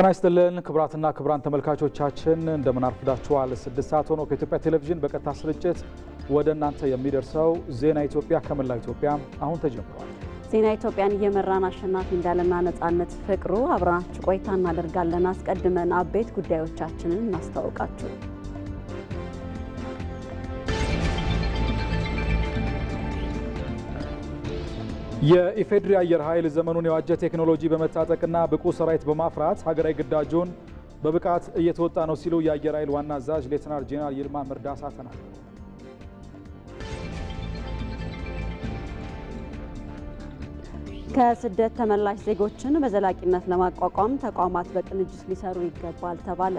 ጤና ይስጥልን ክቡራትና ክቡራን ተመልካቾቻችን እንደምን አርፍዳችኋል። ስድስት ሰዓት ሆኖ ከኢትዮጵያ ቴሌቪዥን በቀጥታ ስርጭት ወደ እናንተ የሚደርሰው ዜና ኢትዮጵያ ከመላ ኢትዮጵያ አሁን ተጀምሯል። ዜና ኢትዮጵያን እየመራን አሸናፊ እንዳለና ነጻነት ፍቅሩ አብረናችሁ ቆይታ እናደርጋለን። አስቀድመን አበይት ጉዳዮቻችንን እናስታውቃችሁ። የኢፌዴሪ አየር ኃይል ዘመኑን የዋጀ ቴክኖሎጂ በመታጠቅና ብቁ ሰራዊት በማፍራት ሀገራዊ ግዳጁን በብቃት እየተወጣ ነው ሲሉ የአየር ኃይል ዋና አዛዥ ሌትናር ጄኔራል ይልማ መርዳሳ ተናገሩ። ከስደት ተመላሽ ዜጎችን በዘላቂነት ለማቋቋም ተቋማት በቅንጅት ሊሰሩ ይገባል ተባለ።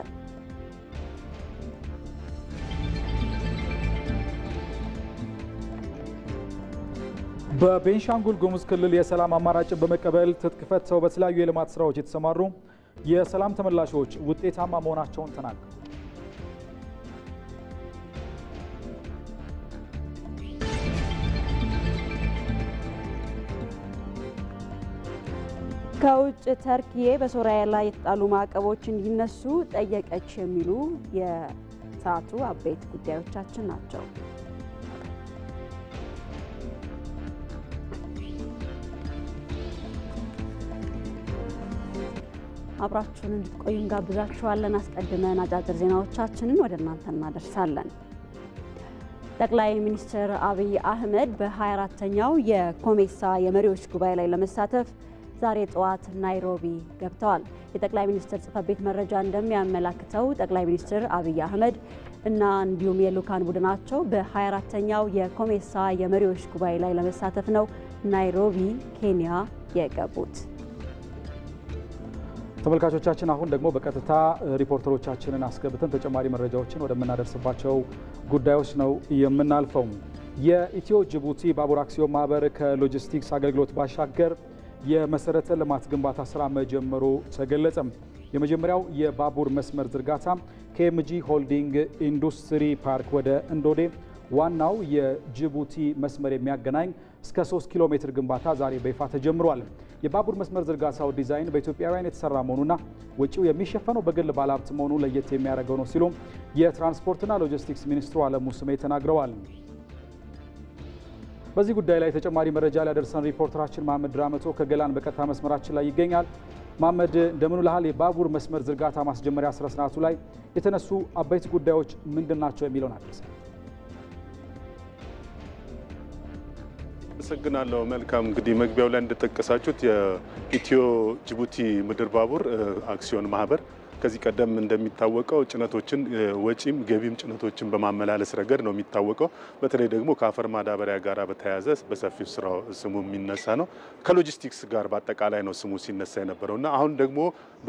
በቤንሻንጉል ጉሙዝ ክልል የሰላም አማራጭን በመቀበል ትጥቅ ፈትተው በተለያዩ የልማት ስራዎች የተሰማሩ የሰላም ተመላሾች ውጤታማ መሆናቸውን ተናገሩ። ከውጭ ተርክዬ በሶሪያ ላይ የተጣሉ ማዕቀቦች እንዲነሱ ጠየቀች የሚሉ የሰዓቱ አበይት ጉዳዮቻችን ናቸው። አብራችሁን እንድትቆዩ እንጋብዛችኋለን። አስቀድመን አጫጭር ዜናዎቻችንን ወደ እናንተ እናደርሳለን። ጠቅላይ ሚኒስትር አብይ አህመድ በ24ተኛው የኮሜሳ የመሪዎች ጉባኤ ላይ ለመሳተፍ ዛሬ ጠዋት ናይሮቢ ገብተዋል። የጠቅላይ ሚኒስትር ጽህፈት ቤት መረጃ እንደሚያመላክተው ጠቅላይ ሚኒስትር አብይ አህመድ እና እንዲሁም የሉካን ቡድናቸው በ24ተኛው የኮሜሳ የመሪዎች ጉባኤ ላይ ለመሳተፍ ነው ናይሮቢ ኬንያ የገቡት። ተመልካቾቻችን አሁን ደግሞ በቀጥታ ሪፖርተሮቻችንን አስገብተን ተጨማሪ መረጃዎችን ወደምናደርስባቸው ጉዳዮች ነው የምናልፈው። የኢትዮ ጅቡቲ ባቡር አክሲዮን ማህበር ከሎጂስቲክስ አገልግሎት ባሻገር የመሰረተ ልማት ግንባታ ስራ መጀመሩ ተገለጸ። የመጀመሪያው የባቡር መስመር ዝርጋታ ከኤምጂ ሆልዲንግ ኢንዱስትሪ ፓርክ ወደ እንዶዴ ዋናው የጅቡቲ መስመር የሚያገናኝ እስከ 3 ኪሎ ሜትር ግንባታ ዛሬ በይፋ ተጀምሯል። የባቡር መስመር ዝርጋታው ዲዛይን በኢትዮጵያውያን የተሰራ መሆኑና ወጪው የሚሸፈነው በግል ባለሀብት መሆኑ ለየት የሚያደርገው ነው ሲሉም የትራንስፖርትና ሎጂስቲክስ ሚኒስትሩ አለሙ ስሜ ተናግረዋል። በዚህ ጉዳይ ላይ ተጨማሪ መረጃ ሊያደርሰን ሪፖርተራችን መሐመድ ራመቶ ከገላን በቀጥታ መስመራችን ላይ ይገኛል። መሐመድ እንደምን ላህል የባቡር መስመር ዝርጋታ ማስጀመሪያ ስነስርዓቱ ላይ የተነሱ አበይት ጉዳዮች ምንድን ናቸው የሚለውን አድርሰን አመሰግናለሁ። መልካም እንግዲህ መግቢያው ላይ እንደጠቀሳችሁት የኢትዮ ጅቡቲ ምድር ባቡር አክሲዮን ማህበር ከዚህ ቀደም እንደሚታወቀው ጭነቶችን ወጪም ገቢም ጭነቶችን በማመላለስ ረገድ ነው የሚታወቀው። በተለይ ደግሞ ከአፈር ማዳበሪያ ጋር በተያያዘ በሰፊው ስራ ስሙ የሚነሳ ነው። ከሎጂስቲክስ ጋር በአጠቃላይ ነው ስሙ ሲነሳ እና አሁን ደግሞ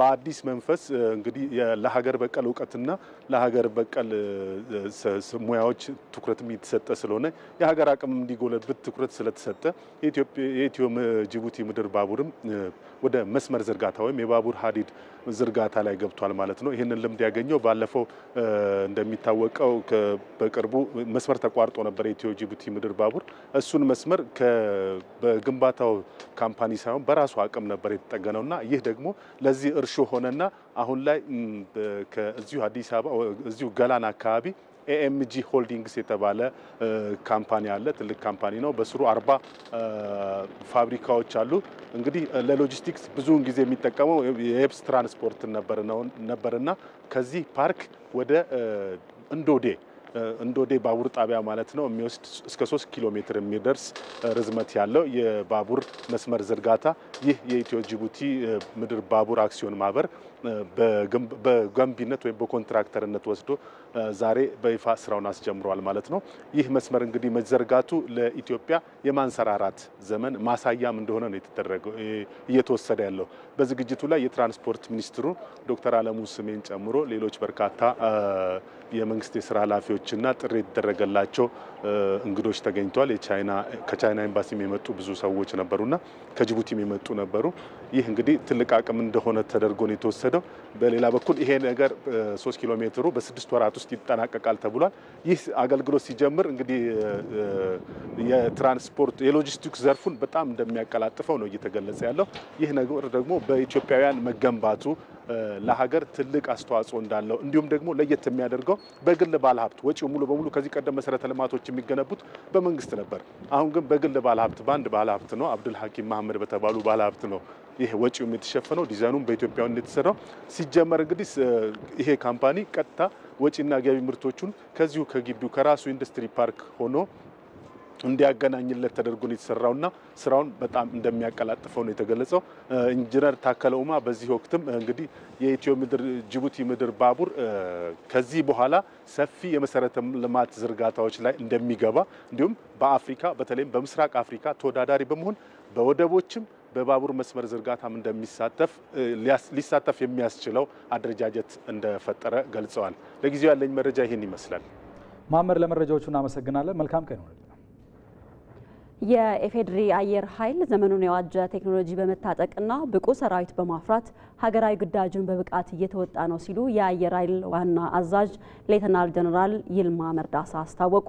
በአዲስ መንፈስ እንግዲህ ለሀገር በቀል እውቀትና ለሀገር በቀል ሙያዎች ትኩረት የተሰጠ ስለሆነ የሀገር አቅም እንዲጎለብት ትኩረት ስለተሰጠ የኢትዮ ጅቡቲ ምድር ባቡርም ወደ መስመር ዝርጋታ ወይም የባቡር ሀዲድ ዝርጋታ ላይ ገብቶ መጥቷል ማለት ነው። ይህንን ልምድ ያገኘው ባለፈው እንደሚታወቀው በቅርቡ መስመር ተቋርጦ ነበር የኢትዮ ጅቡቲ ምድር ባቡር። እሱን መስመር በግንባታው ካምፓኒ ሳይሆን በራሱ አቅም ነበር ና ይህ ደግሞ ለዚህ እርሾ ሆነና አሁን ላይ ከዚሁ አዲስ አበባ እዚሁ ገላን አካባቢ ኤኤምጂ ሆልዲንግስ የተባለ ካምፓኒ አለ። ትልቅ ካምፓኒ ነው። በስሩ አርባ ፋብሪካዎች አሉ። እንግዲህ ለሎጂስቲክስ ብዙውን ጊዜ የሚጠቀመው የየብስ ትራንስፖርት ነበርና ከዚህ ፓርክ ወደ እንዶዴ እንዶዴ ባቡር ጣቢያ ማለት ነው የሚወስድ እስከ 3 ኪሎ ሜትር የሚደርስ ርዝመት ያለው የባቡር መስመር ዝርጋታ ይህ የኢትዮ ጅቡቲ ምድር ባቡር አክሲዮን ማህበር በገንቢነት ወይም በኮንትራክተርነት ወስዶ ዛሬ በይፋ ስራውን አስጀምሯል ማለት ነው። ይህ መስመር እንግዲህ መዘርጋቱ ለኢትዮጵያ የማንሰራራት ዘመን ማሳያም እንደሆነ ነው የተደረገው እየተወሰደ ያለው። በዝግጅቱ ላይ የትራንስፖርት ሚኒስትሩ ዶክተር አለሙ ስሜን ጨምሮ ሌሎች በርካታ የመንግስት የስራ ኃላፊዎችና ጥሪ የተደረገላቸው እንግዶች ተገኝተዋል። ከቻይና ኤምባሲም የመጡ ብዙ ሰዎች ነበሩና ከጅቡቲም የመጡ ነበሩ። ይህ እንግዲህ ትልቅ አቅም እንደሆነ ተደርጎ ነው የተወሰደ የታቀደው። በሌላ በኩል ይሄ ነገር ሶስት ኪሎ ሜትሩ በስድስት ወራት ውስጥ ይጠናቀቃል ተብሏል። ይህ አገልግሎት ሲጀምር እንግዲህ የትራንስፖርት የሎጂስቲክስ ዘርፉን በጣም እንደሚያቀላጥፈው ነው እየተገለጸ ያለው። ይህ ነገር ደግሞ በኢትዮጵያውያን መገንባቱ ለሀገር ትልቅ አስተዋጽኦ እንዳለው እንዲሁም ደግሞ ለየት የሚያደርገው በግል ባለሀብት ወጪው ሙሉ በሙሉ ከዚህ ቀደም መሰረተ ልማቶች የሚገነቡት በመንግስት ነበር። አሁን ግን በግል ባለሀብት በአንድ ባለሀብት ነው አብዱል ሀኪም መሀመድ በተባሉ ባለሀብት ነው ይሄ ወጪው የተሸፈነው ዲዛይኑም በኢትዮጵያውያን የተሰራው ሲጀመር እንግዲህ ይሄ ካምፓኒ ቀጥታ ወጪና ገቢ ምርቶቹን ከዚሁ ከግቢው ከራሱ ኢንዱስትሪ ፓርክ ሆኖ እንዲያገናኝለት ተደርጎ ነው የተሰራውና ስራውን በጣም እንደሚያቀላጥፈው ነው የተገለጸው። ኢንጂነር ታከለ ኡማ በዚህ ወቅትም እንግዲህ የኢትዮ ምድር ጅቡቲ ምድር ባቡር ከዚህ በኋላ ሰፊ የመሰረተ ልማት ዝርጋታዎች ላይ እንደሚገባ እንዲሁም በአፍሪካ በተለይም በምስራቅ አፍሪካ ተወዳዳሪ በመሆን በወደቦችም በባቡር መስመር ዝርጋታም እንደሚሳተፍ ሊሳተፍ የሚያስችለው አደረጃጀት እንደፈጠረ ገልጸዋል። ለጊዜው ያለኝ መረጃ ይህን ይመስላል። ማመር፣ ለመረጃዎቹ እናመሰግናለን። መልካም ቀን። የኢፌዴሪ አየር ኃይል ዘመኑን የዋጀ ቴክኖሎጂ በመታጠቅና ብቁ ሰራዊት በማፍራት ሀገራዊ ግዳጁን በብቃት እየተወጣ ነው ሲሉ የአየር ኃይል ዋና አዛዥ ሌተናል ጀነራል ይልማ መርዳሳ አስታወቁ።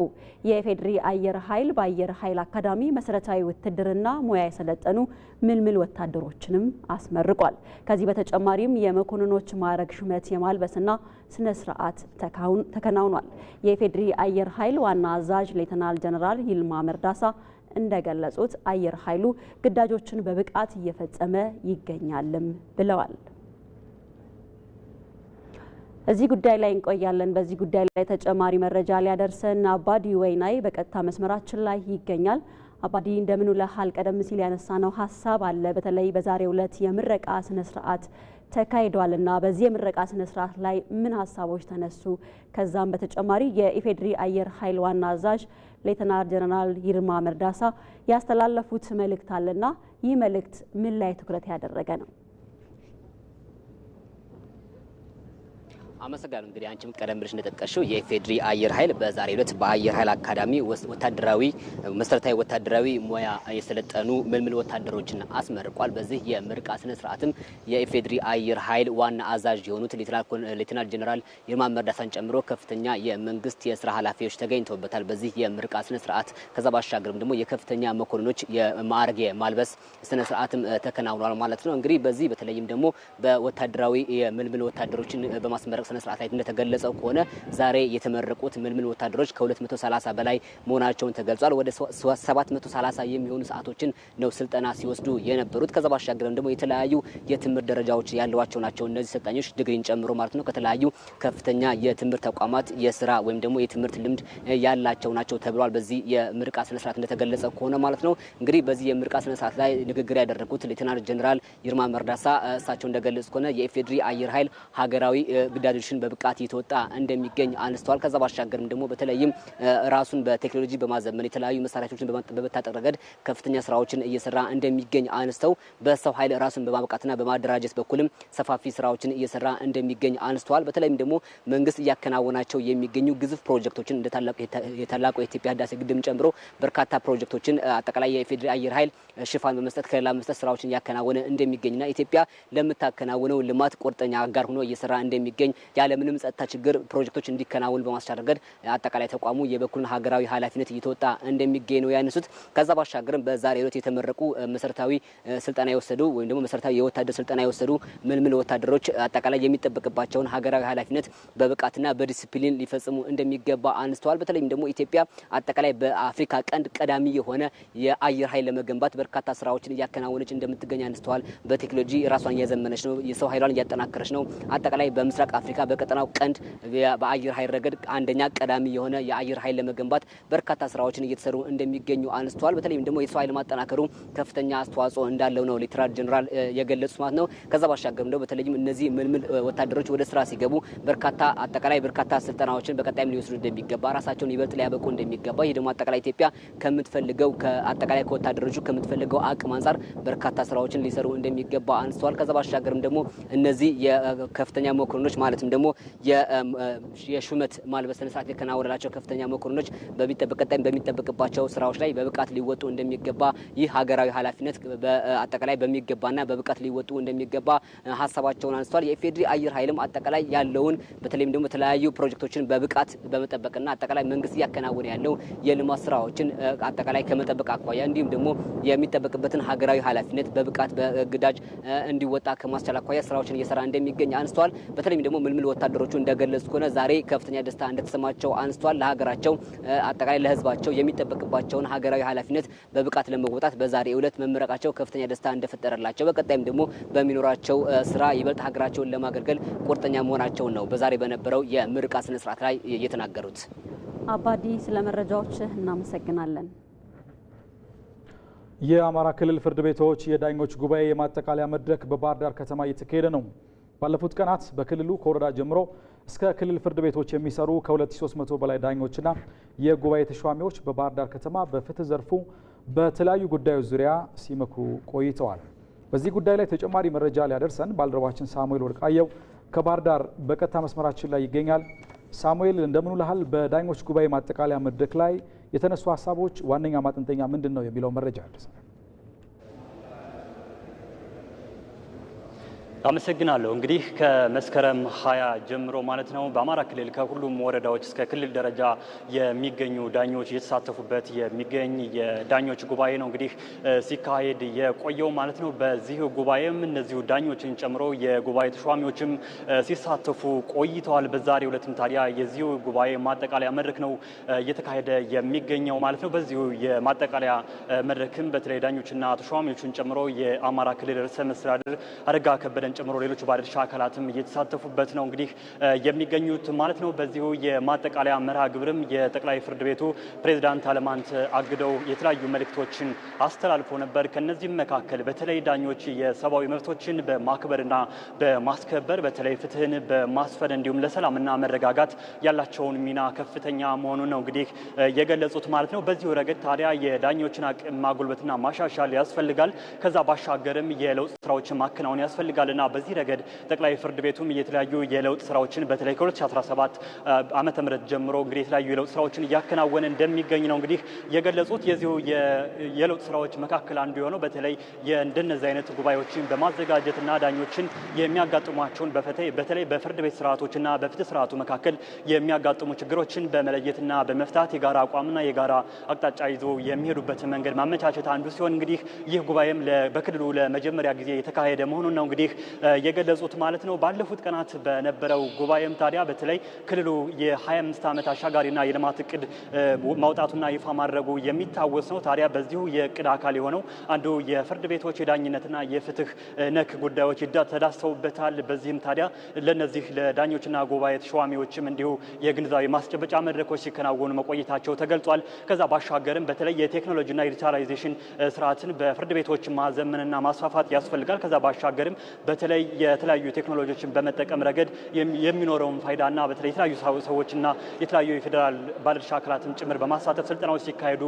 የኢፌዴሪ አየር ኃይል በአየር ኃይል አካዳሚ መሰረታዊ ውትድርና ሙያ የሰለጠኑ ምልምል ወታደሮችንም አስመርቋል። ከዚህ በተጨማሪም የመኮንኖች ማዕረግ ሹመት የማልበስና ስነ ስርዓት ተከናውኗል። የኢፌዴሪ አየር ኃይል ዋና አዛዥ ሌተናል ጀነራል ይልማ መርዳሳ እንደገለጹት አየር ኃይሉ ግዳጆችን በብቃት እየፈጸመ ይገኛልም ብለዋል። እዚህ ጉዳይ ላይ እንቆያለን። በዚህ ጉዳይ ላይ ተጨማሪ መረጃ ሊያደርሰን አባዲ ወይናይ በቀጥታ መስመራችን ላይ ይገኛል። አባዲ እንደምን ውለሃል? ቀደም ሲል ነው ሀሳብ አለ። በተለይ በዛሬው ዕለት የምረቃ ስነ ስርዓት ተካሂዷል እና በዚህ የምረቃ ስነ ስርዓት ላይ ምን ሀሳቦች ተነሱ? ከዛም በተጨማሪ የኢፌዴሪ አየር ኃይል ዋና አዛዥ ሌተናር ጀነራል ይልማ መርዳሳ ያስተላለፉት መልእክት አለና ይህ መልእክት ምን ላይ ትኩረት ያደረገ ነው? አመሰግናለሁ። እንግዲህ አንቺም ቀደም ብለሽ እንደጠቀሽው የኢፌዴሪ አየር ኃይል በዛሬ ዕለት በአየር ኃይል አካዳሚ ወታደራዊ መሰረታዊ ወታደራዊ ሙያ የሰለጠኑ ምልምል ወታደሮችን አስመርቋል። በዚህ የምርቃ ስነ ስርዓትም የኢፌዴሪ አየር ኃይል ዋና አዛዥ የሆኑት ሌትናል ጀኔራል ይልማ መርዳሳን ጨምሮ ከፍተኛ የመንግስት የስራ ኃላፊዎች ተገኝተውበታል። በዚህ የምርቃ ስነ ስርዓት ከዛ ባሻገርም ደግሞ የከፍተኛ መኮንኖች የማዕረግ የማልበስ ስነ ስርዓትም ተከናውኗል ማለት ነው። እንግዲህ በዚህ በተለይም ደግሞ በወታደራዊ የምልምል ወታደሮችን በማስመረቅ ስነ ስርዓት ላይ እንደተገለጸው ከሆነ ዛሬ የተመረቁት ምልምል ወታደሮች ከ230 በላይ መሆናቸውን ተገልጿል። ወደ 730 የሚሆኑ ሰዓቶችን ነው ስልጠና ሲወስዱ የነበሩት። ከዛ ባሻገርም ደግሞ የተለያዩ የትምህርት ደረጃዎች ያለዋቸው ናቸው እነዚህ ሰልጣኞች ድግሪን ጨምሮ ማለት ነው። ከተለያዩ ከፍተኛ የትምህርት ተቋማት የስራ ወይም ደግሞ የትምህርት ልምድ ያላቸው ናቸው ተብሏል። በዚህ የምርቃ ስነ ስርዓት እንደተገለጸ ከሆነ ማለት ነው። እንግዲህ በዚህ የምርቃ ስነ ስርዓት ላይ ንግግር ያደረጉት ሌተናንት ጀኔራል ይርማ መርዳሳ እሳቸው እንደገለጹ ከሆነ የኢፌዴሪ አየር ኃይል ሀገራዊ ግዳጅ ድርሽን በብቃት እየተወጣ እንደሚገኝ አነስተዋል። ከዛ ባሻገርም ደግሞ በተለይም ራሱን በቴክኖሎጂ በማዘመን የተለያዩ መሳሪያዎችን በመታጠቅ ረገድ ከፍተኛ ስራዎችን እየሰራ እንደሚገኝ አነስተው በሰው ኃይል ራሱን በማብቃትና በማደራጀት በኩልም ሰፋፊ ስራዎችን እየሰራ እንደሚገኝ አንስተዋል። በተለይም ደግሞ መንግስት እያከናወናቸው የሚገኙ ግዙፍ ፕሮጀክቶችን እንደ የኢትዮጵያ ህዳሴ ግድብን ጨምሮ በርካታ ፕሮጀክቶችን አጠቃላይ የኢፌዴሪ አየር ኃይል ሽፋን በመስጠት ከሌላ መስጠት ስራዎችን እያከናወነ እንደሚገኝና ኢትዮጵያ ለምታከናውነው ልማት ቁርጠኛ አጋር ሆኖ እየሰራ እንደሚገኝ ያለምንም ጸጥታ ችግር ፕሮጀክቶች እንዲከናወን በማስቻል ረገድ አጠቃላይ ተቋሙ የበኩልን ሀገራዊ ኃላፊነት እየተወጣ እንደሚገኝ ነው ያነሱት። ከዛ ባሻገርም በዛሬ ዕለት የተመረቁ መሰረታዊ ስልጠና የወሰዱ ወይም ደግሞ መሰረታዊ የወታደር ስልጠና የወሰዱ ምልምል ወታደሮች አጠቃላይ የሚጠበቅባቸውን ሀገራዊ ኃላፊነት በብቃትና በዲስፕሊን ሊፈጽሙ እንደሚገባ አንስተዋል። በተለይም ደግሞ ኢትዮጵያ አጠቃላይ በአፍሪካ ቀንድ ቀዳሚ የሆነ የአየር ኃይል ለመገንባት በርካታ ስራዎችን እያከናወነች እንደምትገኝ አንስተዋል። በቴክኖሎጂ ራሷን እያዘመነች ነው፣ የሰው ኃይሏን እያጠናከረች ነው። አጠቃላይ በምስራቅ አፍሪካ አሜሪካ በቀጠናው ቀንድ በአየር ኃይል ረገድ አንደኛ ቀዳሚ የሆነ የአየር ኃይል ለመገንባት በርካታ ስራዎችን እየተሰሩ እንደሚገኙ አንስተዋል። በተለይም ደግሞ የሰው ኃይል ማጠናከሩ ከፍተኛ አስተዋጽኦ እንዳለው ነው ሌተና ጀኔራል የገለጹት ማለት ነው። ከዛ ባሻገር እንደው በተለይም እነዚህ ምልምል ወታደሮች ወደ ስራ ሲገቡ በርካታ አጠቃላይ በርካታ ስልጠናዎችን በቀጣይም ሊወስዱ እንደሚገባ ራሳቸውን ይበልጥ ሊያበቁ እንደሚገባ ይህ ደግሞ አጠቃላይ ኢትዮጵያ ከምትፈልገው አጠቃላይ ከወታደሮቹ ከምትፈልገው አቅም አንጻር በርካታ ስራዎችን ሊሰሩ እንደሚገባ አንስተዋል። ከዛ ባሻገርም ደግሞ እነዚህ የከፍተኛ መኮንኖች ማለትም ደግሞ የሹመት ማልበስ ስነስርዓት የከናወነላቸው ከፍተኛ መኮንኖች በሚጠበቀጣይም በሚጠበቅባቸው ስራዎች ላይ በብቃት ሊወጡ እንደሚገባ ይህ ሀገራዊ ኃላፊነት በአጠቃላይ በሚገባና በብቃት ሊወጡ እንደሚገባ ሀሳባቸውን አንስቷል። የኢፌዴሪ አየር ኃይልም አጠቃላይ ያለውን በተለይም ደግሞ የተለያዩ ፕሮጀክቶችን በብቃት በመጠበቅና አጠቃላይ መንግስት እያከናወነ ያለው የልማት ስራዎችን አጠቃላይ ከመጠበቅ አኳያ እንዲሁም ደግሞ የሚጠበቅበትን ሀገራዊ ኃላፊነት በብቃት በግዳጅ እንዲወጣ ከማስቻል አኳያ ስራዎችን እየሰራ እንደሚገኝ አንስተዋል። በተለይም ደግሞ ምልምል ወታደሮቹ እንደገለጹ ከሆነ ዛሬ ከፍተኛ ደስታ እንደተሰማቸው አንስቷል። ለሀገራቸው አጠቃላይ ለህዝባቸው የሚጠበቅባቸውን ሀገራዊ ኃላፊነት በብቃት ለመወጣት በዛሬ እለት መመረቃቸው ከፍተኛ ደስታ እንደፈጠረላቸው በቀጣይም ደግሞ በሚኖራቸው ስራ ይበልጥ ሀገራቸውን ለማገልገል ቁርጠኛ መሆናቸውን ነው በዛሬ በነበረው የምርቃ ስነስርዓት ላይ የተናገሩት። አባዲ ስለ መረጃዎች እናመሰግናለን። የአማራ ክልል ፍርድ ቤቶች የዳኞች ጉባኤ የማጠቃለያ መድረክ በባህር ዳር ከተማ እየተካሄደ ነው። ባለፉት ቀናት በክልሉ ከወረዳ ጀምሮ እስከ ክልል ፍርድ ቤቶች የሚሰሩ ከ2300 በላይ ዳኞችና የጉባኤ ተሿሚዎች በባህር ዳር ከተማ በፍትህ ዘርፉ በተለያዩ ጉዳዮች ዙሪያ ሲመክሩ ቆይተዋል። በዚህ ጉዳይ ላይ ተጨማሪ መረጃ ሊያደርሰን ባልደረባችን ሳሙኤል ወርቃየው ከባህር ዳር በቀጥታ መስመራችን ላይ ይገኛል። ሳሙኤል እንደምኑ ውለሃል? በዳኞች ጉባኤ ማጠቃለያ መድረክ ላይ የተነሱ ሀሳቦች ዋነኛ ማጠንጠኛ ምንድን ነው የሚለው መረጃ ያደርሰን። አመሰግናለሁ። እንግዲህ ከመስከረም ሀያ ጀምሮ ማለት ነው በአማራ ክልል ከሁሉም ወረዳዎች እስከ ክልል ደረጃ የሚገኙ ዳኞች እየተሳተፉበት የሚገኝ የዳኞች ጉባኤ ነው እንግዲህ ሲካሄድ የቆየው ማለት ነው። በዚህ ጉባኤም እነዚሁ ዳኞችን ጨምሮ የጉባኤ ተሿሚዎችም ሲሳተፉ ቆይተዋል። በዛሬ ሁለትም ታዲያ የዚሁ ጉባኤ ማጠቃለያ መድረክ ነው እየተካሄደ የሚገኘው ማለት ነው። በዚሁ የማጠቃለያ መድረክም በተለይ ዳኞችና ተሿሚዎችን ጨምሮ የአማራ ክልል ርዕሰ መስተዳድር አረጋ ከበደ ፌዴራልን ጨምሮ ሌሎች ባለድርሻ አካላትም እየተሳተፉበት ነው እንግዲህ የሚገኙት ማለት ነው። በዚሁ የማጠቃለያ መርሃ ግብርም የጠቅላይ ፍርድ ቤቱ ፕሬዝዳንት አለማንት አግደው የተለያዩ መልእክቶችን አስተላልፎ ነበር። ከነዚህም መካከል በተለይ ዳኞች የሰብአዊ መብቶችን በማክበርና በማስከበር በተለይ ፍትህን በማስፈን እንዲሁም ለሰላምና መረጋጋት ያላቸውን ሚና ከፍተኛ መሆኑን ነው እንግዲህ የገለጹት ማለት ነው። በዚሁ ረገድ ታዲያ የዳኞችን አቅም ማጎልበትና ማሻሻል ያስፈልጋል። ከዛ ባሻገርም የለውጥ ስራዎችን ማከናወን ያስፈልጋልና እና በዚህ ረገድ ጠቅላይ ፍርድ ቤቱም የተለያዩ የለውጥ ስራዎችን በተለይ ከ2017 ዓመተ ምህረት ጀምሮ እንግዲህ የተለያዩ የለውጥ ስራዎችን እያከናወነ እንደሚገኝ ነው እንግዲህ የገለጹት። የዚሁ የለውጥ ስራዎች መካከል አንዱ የሆነው በተለይ እንደነዚህ አይነት ጉባኤዎችን በማዘጋጀትና ዳኞችን የሚያጋጥሟቸውን በተለይ በፍርድ ቤት ስርዓቶችና በፍትህ ስርዓቱ መካከል የሚያጋጥሙ ችግሮችን በመለየትና በመፍታት የጋራ አቋምና የጋራ አቅጣጫ ይዞ የሚሄዱበትን መንገድ ማመቻቸት አንዱ ሲሆን እንግዲህ ይህ ጉባኤም በክልሉ ለመጀመሪያ ጊዜ የተካሄደ መሆኑን ነው እንግዲህ የገለጹት ማለት ነው። ባለፉት ቀናት በነበረው ጉባኤም ታዲያ በተለይ ክልሉ የ25 ዓመት አሻጋሪና የልማት እቅድ ማውጣቱና ይፋ ማድረጉ የሚታወስ ነው። ታዲያ በዚሁ የእቅድ አካል የሆነው አንዱ የፍርድ ቤቶች የዳኝነትና የፍትህ ነክ ጉዳዮች ተዳስተውበታል። በዚህም ታዲያ ለነዚህ ለዳኞችና ጉባኤ ተሿሚዎችም እንዲሁ የግንዛቤ ማስጨበጫ መድረኮች ሲከናወኑ መቆየታቸው ተገልጿል። ከዛ ባሻገርም በተለይ የቴክኖሎጂና የዲጂታላይዜሽን ስርዓትን በፍርድ ቤቶች ማዘመንና ማስፋፋት ያስፈልጋል። ከዛ ባሻገርም በተለይ የተለያዩ ቴክኖሎጂዎችን በመጠቀም ረገድ የሚኖረውን ፋይዳና በተለይ የተለያዩ ሰዎችና የተለያዩ የፌዴራል ባለድርሻ አካላትን ጭምር በማሳተፍ ስልጠናዎች ሲካሄዱ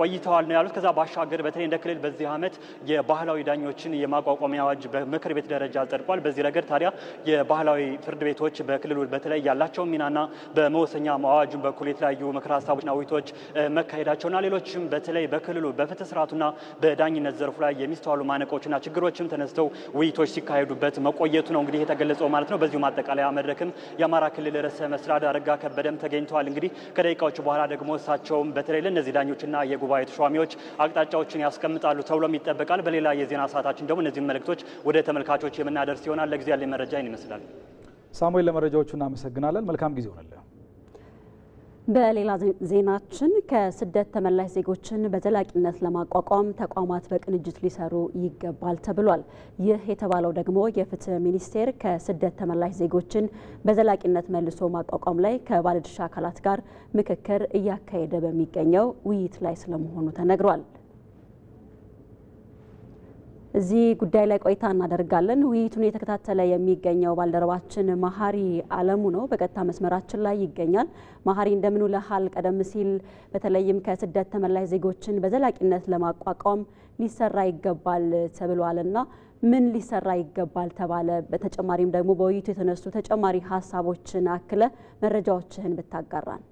ቆይተዋል ነው ያሉት። ከዛ ባሻገር በተለይ እንደ ክልል በዚህ ዓመት የባህላዊ ዳኞችን የማቋቋሚያ አዋጅ በምክር ቤት ደረጃ ጸድቋል። በዚህ ረገድ ታዲያ የባህላዊ ፍርድ ቤቶች በክልሉ በተለይ ያላቸው ሚናና በመወሰኛ አዋጁን በኩል የተለያዩ ምክር ሀሳቦችና ውይይቶች መካሄዳቸውና ሌሎችም በተለይ በክልሉ በፍትህ ስርዓቱና በዳኝነት ዘርፉ ላይ የሚስተዋሉ ማነቆችና ችግሮችም ተነስተው ውይይቶች ሲካሄዱ ሲያካሂዱበት መቆየቱ ነው እንግዲህ የተገለጸው ማለት ነው። በዚሁ ማጠቃለያ መድረክም የአማራ ክልል ርዕሰ መስተዳድር አረጋ ከበደም ተገኝተዋል። እንግዲህ ከደቂቃዎች በኋላ ደግሞ እሳቸውም በተለይ ለእነዚህ ዳኞችና የጉባኤ ተሿሚዎች አቅጣጫዎችን ያስቀምጣሉ ተብሎም ይጠበቃል። በሌላ የዜና ሰዓታችን ደግሞ እነዚህ መልእክቶች ወደ ተመልካቾች የምናደርስ ይሆናል። ለጊዜ ያለ መረጃ ይህን ይመስላል። ሳሙኤል፣ ለመረጃዎቹ እናመሰግናለን። መልካም ጊዜ ሆነልን። በሌላ ዜናችን ከስደት ተመላሽ ዜጎችን በዘላቂነት ለማቋቋም ተቋማት በቅንጅት ሊሰሩ ይገባል ተብሏል። ይህ የተባለው ደግሞ የፍትህ ሚኒስቴር ከስደት ተመላሽ ዜጎችን በዘላቂነት መልሶ ማቋቋም ላይ ከባለድርሻ አካላት ጋር ምክክር እያካሄደ በሚገኘው ውይይት ላይ ስለመሆኑ ተነግሯል። እዚህ ጉዳይ ላይ ቆይታ እናደርጋለን። ውይይቱን የተከታተለ የሚገኘው ባልደረባችን መሀሪ አለሙ ነው፣ በቀጥታ መስመራችን ላይ ይገኛል። መሀሪ እንደምን ውለሃል? ቀደም ሲል በተለይም ከስደት ተመላሽ ዜጎችን በዘላቂነት ለማቋቋም ሊሰራ ይገባል ተብሏልና ምን ሊሰራ ይገባል ተባለ? በተጨማሪም ደግሞ በውይይቱ የተነሱ ተጨማሪ ሀሳቦችን አክለ መረጃዎችህን ብታጋራን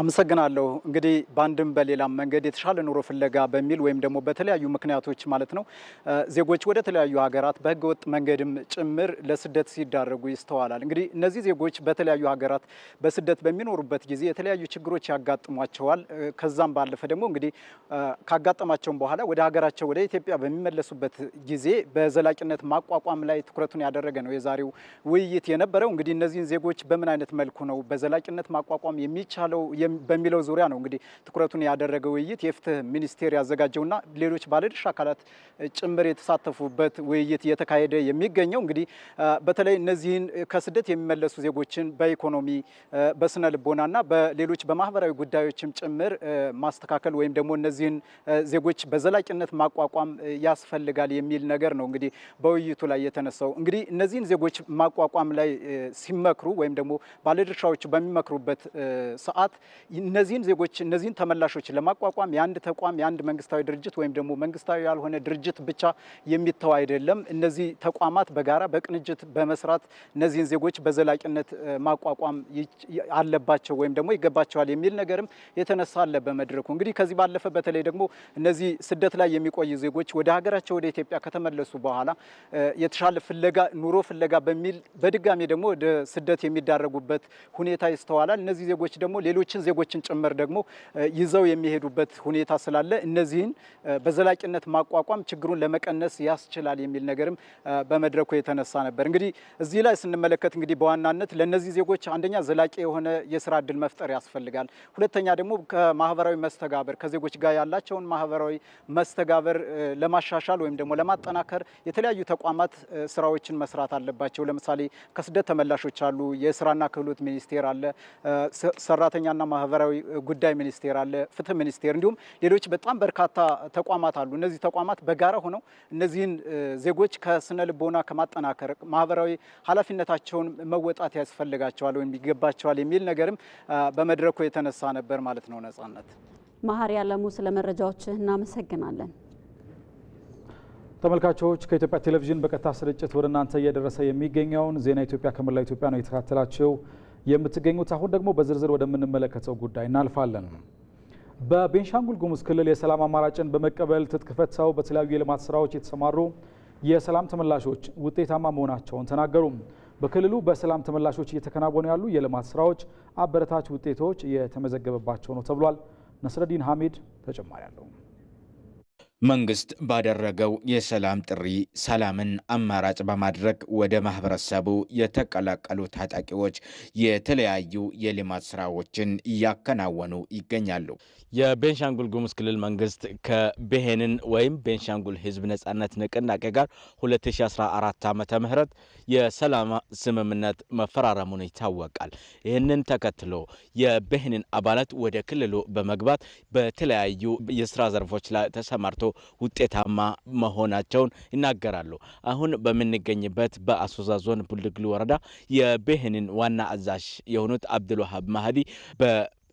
አመሰግናለሁ። እንግዲህ በአንድም በሌላም መንገድ የተሻለ ኑሮ ፍለጋ በሚል ወይም ደግሞ በተለያዩ ምክንያቶች ማለት ነው ዜጎች ወደ ተለያዩ ሀገራት በህገወጥ መንገድም ጭምር ለስደት ሲዳረጉ ይስተዋላል። እንግዲህ እነዚህ ዜጎች በተለያዩ ሀገራት በስደት በሚኖሩበት ጊዜ የተለያዩ ችግሮች ያጋጥሟቸዋል። ከዛም ባለፈ ደግሞ እንግዲህ ካጋጠማቸውም በኋላ ወደ ሀገራቸው ወደ ኢትዮጵያ በሚመለሱበት ጊዜ በዘላቂነት ማቋቋም ላይ ትኩረቱን ያደረገ ነው የዛሬው ውይይት የነበረው። እንግዲህ እነዚህን ዜጎች በምን አይነት መልኩ ነው በዘላቂነት ማቋቋም የሚቻለው በሚለው ዙሪያ ነው እንግዲህ ትኩረቱን ያደረገ ውይይት የፍትህ ሚኒስቴር ያዘጋጀውና ሌሎች ባለድርሻ አካላት ጭምር የተሳተፉበት ውይይት እየተካሄደ የሚገኘው እንግዲህ በተለይ እነዚህን ከስደት የሚመለሱ ዜጎችን በኢኮኖሚ በስነ ልቦናና በሌሎች በማህበራዊ ጉዳዮችም ጭምር ማስተካከል ወይም ደግሞ እነዚህን ዜጎች በዘላቂነት ማቋቋም ያስፈልጋል የሚል ነገር ነው እንግዲህ በውይይቱ ላይ የተነሳው። እንግዲህ እነዚህን ዜጎች ማቋቋም ላይ ሲመክሩ ወይም ደግሞ ባለድርሻዎቹ በሚመክሩበት ሰዓት እነዚህን ዜጎች እነዚህን ተመላሾች ለማቋቋም የአንድ ተቋም የአንድ መንግስታዊ ድርጅት ወይም ደግሞ መንግስታዊ ያልሆነ ድርጅት ብቻ የሚተው አይደለም። እነዚህ ተቋማት በጋራ በቅንጅት በመስራት እነዚህን ዜጎች በዘላቂነት ማቋቋም አለባቸው ወይም ደግሞ ይገባቸዋል የሚል ነገርም የተነሳ አለ በመድረኩ። እንግዲህ ከዚህ ባለፈ በተለይ ደግሞ እነዚህ ስደት ላይ የሚቆዩ ዜጎች ወደ ሀገራቸው ወደ ኢትዮጵያ ከተመለሱ በኋላ የተሻለ ፍለጋ ኑሮ ፍለጋ በሚል በድጋሚ ደግሞ ወደ ስደት የሚዳረጉበት ሁኔታ ይስተዋላል። እነዚህ ዜጎች ደግሞ ሌሎችን ዜጎችን ጭምር ደግሞ ይዘው የሚሄዱበት ሁኔታ ስላለ እነዚህን በዘላቂነት ማቋቋም ችግሩን ለመቀነስ ያስችላል የሚል ነገርም በመድረኩ የተነሳ ነበር። እንግዲህ እዚህ ላይ ስንመለከት እንግዲህ በዋናነት ለእነዚህ ዜጎች አንደኛ ዘላቂ የሆነ የስራ እድል መፍጠር ያስፈልጋል። ሁለተኛ ደግሞ ከማህበራዊ መስተጋብር ከዜጎች ጋር ያላቸውን ማህበራዊ መስተጋብር ለማሻሻል ወይም ደግሞ ለማጠናከር የተለያዩ ተቋማት ስራዎችን መስራት አለባቸው። ለምሳሌ ከስደት ተመላሾች አሉ፣ የስራና ክህሎት ሚኒስቴር አለ፣ ሰራተኛና ማህበራዊ ጉዳይ ሚኒስቴር አለ፣ ፍትህ ሚኒስቴር እንዲሁም ሌሎች በጣም በርካታ ተቋማት አሉ። እነዚህ ተቋማት በጋራ ሆነው እነዚህን ዜጎች ከስነ ልቦና ከማጠናከር ማህበራዊ ኃላፊነታቸውን መወጣት ያስፈልጋቸዋል ወይም ይገባቸዋል የሚል ነገርም በመድረኩ የተነሳ ነበር ማለት ነው። ነጻነት መሀሪ አለሙ ስለ መረጃዎች እናመሰግናለን። ተመልካቾች ከኢትዮጵያ ቴሌቪዥን በቀጥታ ስርጭት ወደ እናንተ እየደረሰ የሚገኘውን ዜና ኢትዮጵያ ከመላው ኢትዮጵያ ነው የተከታተላችሁ። የምትገኙት። አሁን ደግሞ በዝርዝር ወደምንመለከተው ጉዳይ እናልፋለን። በቤንሻንጉል ጉሙዝ ክልል የሰላም አማራጭን በመቀበል ትጥቅ ፈተው በተለያዩ የልማት ስራዎች የተሰማሩ የሰላም ተመላሾች ውጤታማ መሆናቸውን ተናገሩ። በክልሉ በሰላም ተመላሾች እየተከናወኑ ያሉ የልማት ስራዎች አበረታች ውጤቶች የተመዘገበባቸው ነው ተብሏል። ነስረዲን ሀሚድ ተጨማሪ አለው። መንግስት ባደረገው የሰላም ጥሪ ሰላምን አማራጭ በማድረግ ወደ ማህበረሰቡ የተቀላቀሉ ታጣቂዎች የተለያዩ የልማት ስራዎችን እያከናወኑ ይገኛሉ። የቤንሻንጉል ጉሙዝ ክልል መንግስት ከቤሄንን ወይም ቤንሻንጉል ህዝብ ነጻነት ንቅናቄ ጋር 2014 ዓ ምህረት የሰላም ስምምነት መፈራረሙን ይታወቃል። ይህንን ተከትሎ የቤሄንን አባላት ወደ ክልሉ በመግባት በተለያዩ የስራ ዘርፎች ላይ ተሰማርቶ ውጤታማ መሆናቸውን ይናገራሉ። አሁን በምንገኝበት በአሶሳ ዞን ቡልድግሉ ወረዳ የቤህንን ዋና አዛዥ የሆኑት አብዱልዋሃብ ማህዲ በ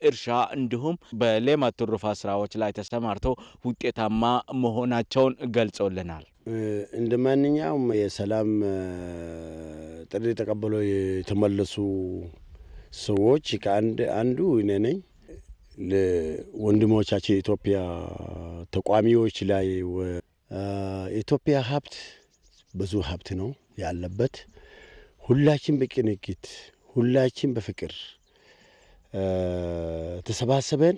እርሻ እንዲሁም በሌማት ትሩፋት ስራዎች ላይ ተሰማርተው ውጤታማ መሆናቸውን ገልጸውልናል። እንደ ማንኛውም የሰላም ጥሪ ተቀብሎ የተመለሱ ሰዎች ከአንድ አንዱ እኔ ነኝ። ወንድሞቻችን የኢትዮጵያ ተቋሚዎች ላይ የኢትዮጵያ ሀብት ብዙ ሀብት ነው ያለበት። ሁላችን በቅንጅት ሁላችን በፍቅር ተሰባሰበን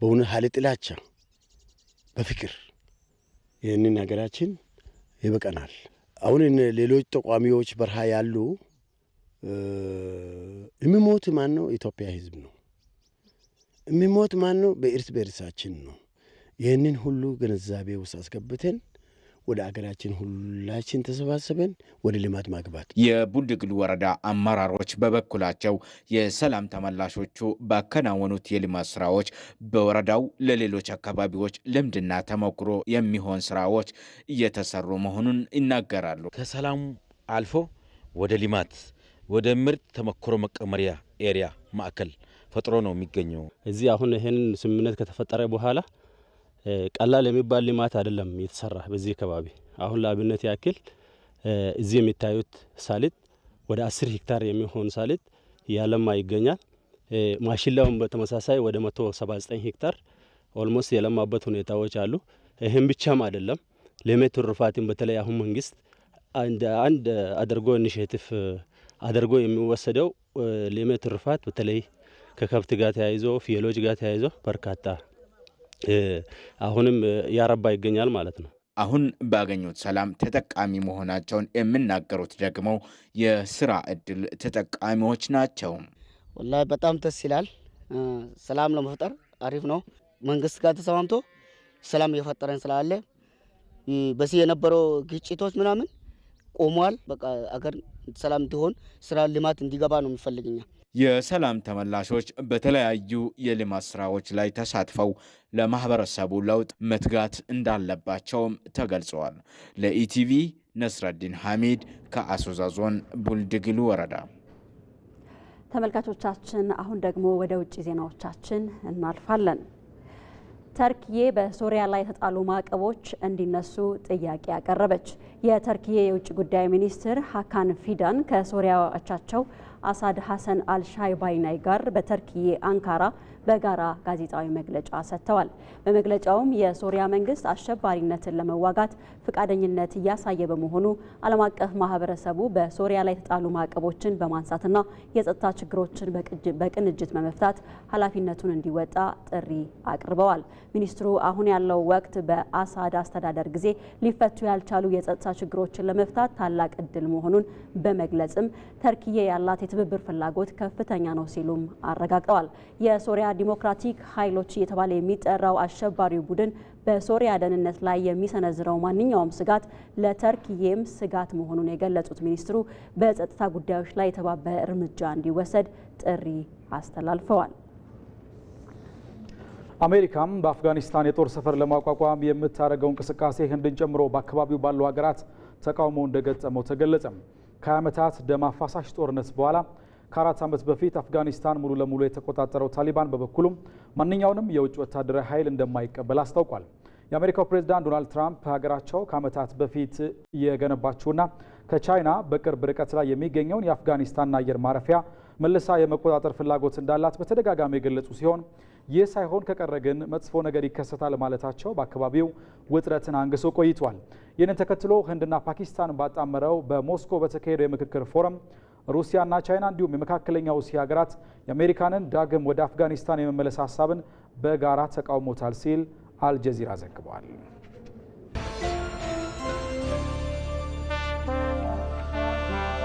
በሆነ ሀል ጥላቻ በፍቅር ይህንን ሀገራችን ይበቀናል። አሁን ሌሎች ተቋሚዎች በረሃ ያሉ የሚሞት ማን ነው? ኢትዮጵያ ህዝብ ነው። የሚሞት ማን ነው? በእርስ በእርሳችን ነው። ይህንን ሁሉ ግንዛቤ ውስጥ አስገብተን ወደ አገራችን ሁላችን ተሰባስበን ወደ ልማት ማግባት። የቡልድግሉ ወረዳ አመራሮች በበኩላቸው የሰላም ተመላሾቹ ባከናወኑት የልማት ስራዎች በወረዳው ለሌሎች አካባቢዎች ልምድና ተሞክሮ የሚሆን ስራዎች እየተሰሩ መሆኑን ይናገራሉ። ከሰላሙ አልፎ ወደ ልማት ወደ ምርጥ ተሞክሮ መቀመሪያ ኤሪያ ማዕከል ፈጥሮ ነው የሚገኘው። እዚህ አሁን ይህንን ስምምነት ከተፈጠረ በኋላ ቀላል የሚባል ልማት አይደለም የተሰራ በዚህ አካባቢ። አሁን ለአብነት ያክል እዚህ የሚታዩት ሳሊጥ ወደ አስር ሄክታር የሚሆን ሳሊጥ ያለማ ይገኛል። ማሽላውን በተመሳሳይ ወደ 179 ሄክታር ኦልሞስት የለማበት ሁኔታዎች አሉ። ይህም ብቻም አይደለም ለሜት ትሩፋትን በተለይ አሁን መንግስት አንድ አድርጎ ኢኒሽቲቭ አድርጎ የሚወሰደው ለሜት ትሩፋት በተለይ ከከብት ጋር ተያይዞ ፍየሎች ጋር ተያይዞ በርካታ አሁንም ያረባ ይገኛል ማለት ነው። አሁን ባገኙት ሰላም ተጠቃሚ መሆናቸውን የምናገሩት ደግሞ የስራ እድል ተጠቃሚዎች ናቸው። ወላሂ በጣም ደስ ይላል። ሰላም ለመፍጠር አሪፍ ነው። መንግስት ጋር ተሰማምቶ ሰላም እየፈጠረን ስላለ በዚህ የነበረው ግጭቶች ምናምን ቆሟል። በቃ አገር ሰላም እንዲሆን ስራ ልማት እንዲገባ ነው የሚፈልግኛ የሰላም ተመላሾች በተለያዩ የልማት ስራዎች ላይ ተሳትፈው ለማህበረሰቡ ለውጥ መትጋት እንዳለባቸውም ተገልጸዋል። ለኢቲቪ ነስረዲን ሐሚድ ከአሶዛ ዞን ቡልድግሉ ወረዳ። ተመልካቾቻችን አሁን ደግሞ ወደ ውጭ ዜናዎቻችን እናልፋለን። ተርክዬ በሶሪያ ላይ የተጣሉ ማዕቀቦች እንዲነሱ ጥያቄ አቀረበች። የተርክዬ የውጭ ጉዳይ ሚኒስትር ሀካን ፊዳን ከሶሪያ አቻቸው አሳድ ሐሰን አልሻይባይናይ ጋር በተርኪዬ አንካራ በጋራ ጋዜጣዊ መግለጫ ሰጥተዋል። በመግለጫውም የሶሪያ መንግስት አሸባሪነትን ለመዋጋት ፈቃደኝነት እያሳየ በመሆኑ ዓለም አቀፍ ማህበረሰቡ በሶሪያ ላይ የተጣሉ ማዕቀቦችን በማንሳትና የጸጥታ ችግሮችን በቅንጅት መመፍታት ኃላፊነቱን እንዲወጣ ጥሪ አቅርበዋል። ሚኒስትሩ አሁን ያለው ወቅት በአሳድ አስተዳደር ጊዜ ሊፈቱ ያልቻሉ የጸጥታ ችግሮችን ለመፍታት ታላቅ እድል መሆኑን በመግለጽም ተርኪዬ ያላት የትብብር ፍላጎት ከፍተኛ ነው ሲሉም አረጋግጠዋል። የሶሪያ ዲሞክራቲክ ኃይሎች እየተባለ የሚጠራው አሸባሪው ቡድን በሶሪያ ደህንነት ላይ የሚሰነዝረው ማንኛውም ስጋት ለተርክዬም ስጋት መሆኑን የገለጹት ሚኒስትሩ በጸጥታ ጉዳዮች ላይ የተባበረ እርምጃ እንዲወሰድ ጥሪ አስተላልፈዋል። አሜሪካም በአፍጋኒስታን የጦር ሰፈር ለማቋቋም የምታደርገው እንቅስቃሴ ህንድን ጨምሮ በአካባቢው ባሉ ሀገራት ተቃውሞ እንደገጠመው ተገለጸም። ከዓመታት ደም አፋሳሽ ጦርነት በኋላ ከአራት ዓመት በፊት አፍጋኒስታን ሙሉ ለሙሉ የተቆጣጠረው ታሊባን በበኩሉም ማንኛውንም የውጭ ወታደራዊ ኃይል እንደማይቀበል አስታውቋል። የአሜሪካው ፕሬዝዳንት ዶናልድ ትራምፕ ሀገራቸው ከዓመታት በፊት የገነባችውና ከቻይና በቅርብ ርቀት ላይ የሚገኘውን የአፍጋኒስታን አየር ማረፊያ መልሳ የመቆጣጠር ፍላጎት እንዳላት በተደጋጋሚ የገለጹ ሲሆን ይህ ሳይሆን ከቀረ ግን መጥፎ ነገር ይከሰታል ማለታቸው በአካባቢው ውጥረትን አንግሶ ቆይቷል። ይህንን ተከትሎ ህንድና ፓኪስታን ባጣመረው በሞስኮ በተካሄደው የምክክር ፎረም ሩሲያና ቻይና እንዲሁም የመካከለኛው እስያ ሀገራት የአሜሪካንን ዳግም ወደ አፍጋኒስታን የመመለስ ሀሳብን በጋራ ተቃውሞታል ሲል አልጀዚራ ዘግቧል።